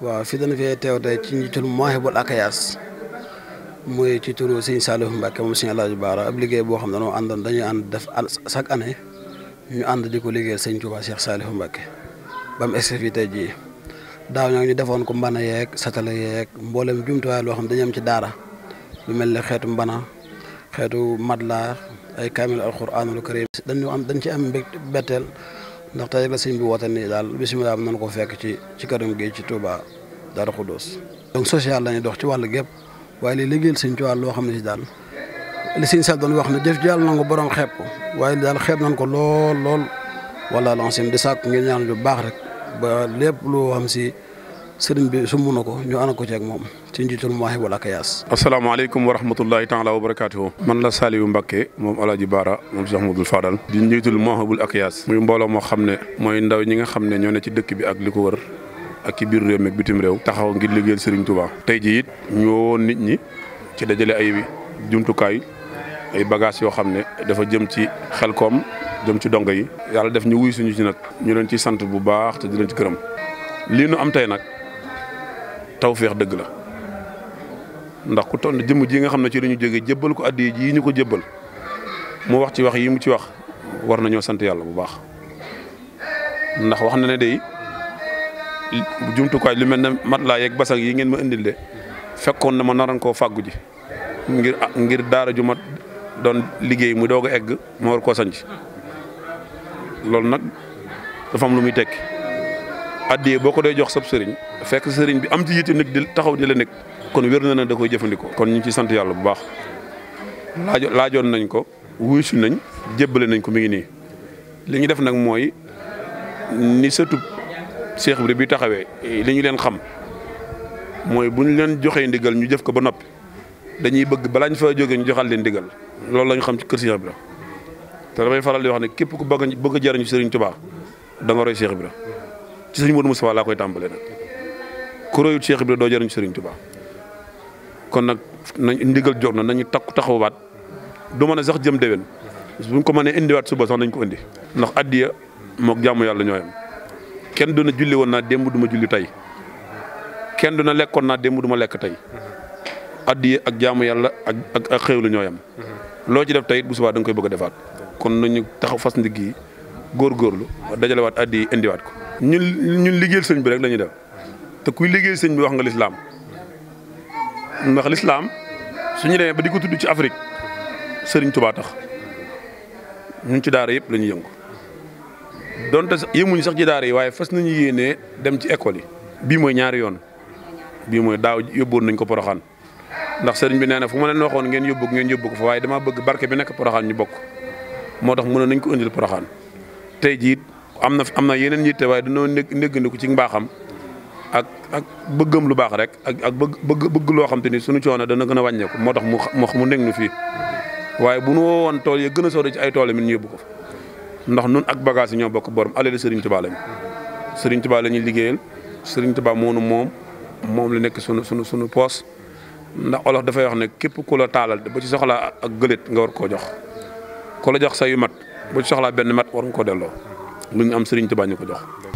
waaw si dañu fee teew tey ci njiitul Mawahibou Akyas muy ci turu sëñ Saliou Mbacke moom sëñ El Hadj Baara ab liggéey boo xam ne dañoo àndoon dañuy ànd def chaque année ñu ànd di ko liggéeyal sëñ Touba Cheikh Saliou Mbacke ba mu egsi fii jii daaw ñoo ñu defoon ko mbana yeeg satala yeeg mboolem jumtuwaay loo xam dañu am ci daara lu mel ni xeetu mbana xeetu madla ay kaamil alxuraanul karim dañu am dañ ci am mbég betteel ndax tey la sëñ bi woote nii daal bisimilah mën ko fekk ci ci këram gi ci Touba Darou Khoudoss. donc social lañuy dox ci wàllu gépp waaye li liggéeyal sëñ ci wàll loo xam ne si daal li sëñ Sall doon wax ne jëf jàll na ko borom xeeb ko waaye daal xeeb nañ ko lool lool wala lancé di sàkk ngeen ñaan lu baax rek ba lépp loo xam si. sëriñ bi sumb na ko ñu ànd ko ci ak moom ci njiitul maahi wala kayaas. asalaamaaleykum wa rahmatullahi taala wa barakaatuhu. man la Saliou Mbacke moom El Hadj Baara moom Cheikh Modou Fadal di njiitul mahabul akiyaas muy mbooloo moo xam ne mooy ndaw ñi nga xam ne ñoo ne ci dëkk bi ak li ko wër ak ci biir réew mi ak bitim réew. taxaw ngir liggéeyal Serigne Touba. tey jii it ñoo nit ñi ci dajale ay jumtukaay ay bagages yoo xam ne dafa jëm ci xel koom jëm ci dongo yi. yàlla def ñu wuy suñu ci nag ñu leen ci sant bu baax te di leen ci gërëm lii am tey nag tawféex dëgg la ndax ku toll jëmm ji nga xam ne ci la ñu jógee jébbal ko addi yi ñu ko jébbal mu wax ci wax yi mu ci wax war nañoo sant yàlla bu baax ndax wax na ne day jumtukaay lu mel ne laa yeeg basang yi ngeen ma indil de fekkoon na ma naran koo fàggu ji ngir ngir daara ju ma doon liggéey mu doog a egg ma war koo sanj loolu nag dafa lu muy tekki addiye boo ko dee jox sab sëriñ fekk sëriñ bi am ci yitte nag di taxaw di la nekk kon wér na na da koy jëfandikoo. kon ñu ci sant yàlla bu baax laajo laajoon nañ ko wuyusi nañ jébbale nañ ko mi ngi nii li ñu def nag mooy ni sëtub Seex bi taxawee li ñu leen xam mooy bu ñu leen joxee ndigal ñu jëf ko ba noppi dañuy bëgg balaa ñu fa jógee ñu joxal leen ndigal loolu la xam ci kër Seex Ibra te damay faral di wax ne képp ku bëgg a bëgg Sëriñ Tuubaa da nga roy Seex Ibra ci sëñ Modou Moustapha laa koy tàmbalee nag ku royut Cheikh Ibrahima doo jëriñ Serigne Touba kon nag nañ ndigal jox na nañu takk taxawaat du mën a sax jëm déwén buñ ko mënee indiwaat suba sax nañ ko indi ndax addiya mook jaamu yàlla ñooyam kenn du na julli woon naa démb du ma julli tey kenn du na lekkoon naa démb du ma lekk tey addiya ak jaamu yàlla ak ak ak xéewlu ñooyam loo ci def tey bu subaa da koy bëgg a defaat kon nañu taxaw fas ndigg yi góorgóorlu dajalewaat addi indiwaat ko ñun ñun liggéeyal sëñ bi rek lañuy def te kuy liggéey sëñ bi wax nga lislaam ndax lislaam suñu demee ba di ko tudd ci Afrique sëriñ tubaatax tax ñun ci daara yëpp la ñuy yëngu donte yëmuñu sax ci daara yi waaye fes nañu yéenee dem ci école yi bii mooy ñaari yoon bii mooy daaw yóbboon nañ ko poroxaan ndax sëriñ bi nee na fu ma leen waxoon ngeen yóbbu ngeen yóbbu ko fa waaye dama bëgg barke bi nekk poroxaan ñu bokk moo tax mënoon nañ ko indil poroxaan tey jii am na am na yeneen yitte waaye dañoo néggandiku ci mbaaxam ak ak bëggam lu baax rek ak ak bëgg bëgg loo xam te ni suñu coono dana gën a wàññeeku moo tax mu mu nekk nu fii waaye bu nu wowoon tool yi gën a sori ci ay tool yi ñu yóbbu ko ndax nun ak bagage yi ñoo bokk borom alali Serigne Touba lañu Serigne Touba la ñuy liggéeyal Serigne Touba moonu moom moom lu nekk sunu sunu sunu poos ndax olof dafay wax ne képp ku la taalal ba ci soxlaa ak gëlét nga war koo jox ku la jox sa mat ba ci soxlaa benn mat war nga ko delloo lu ñu am Serigne Touba ñu ko jox.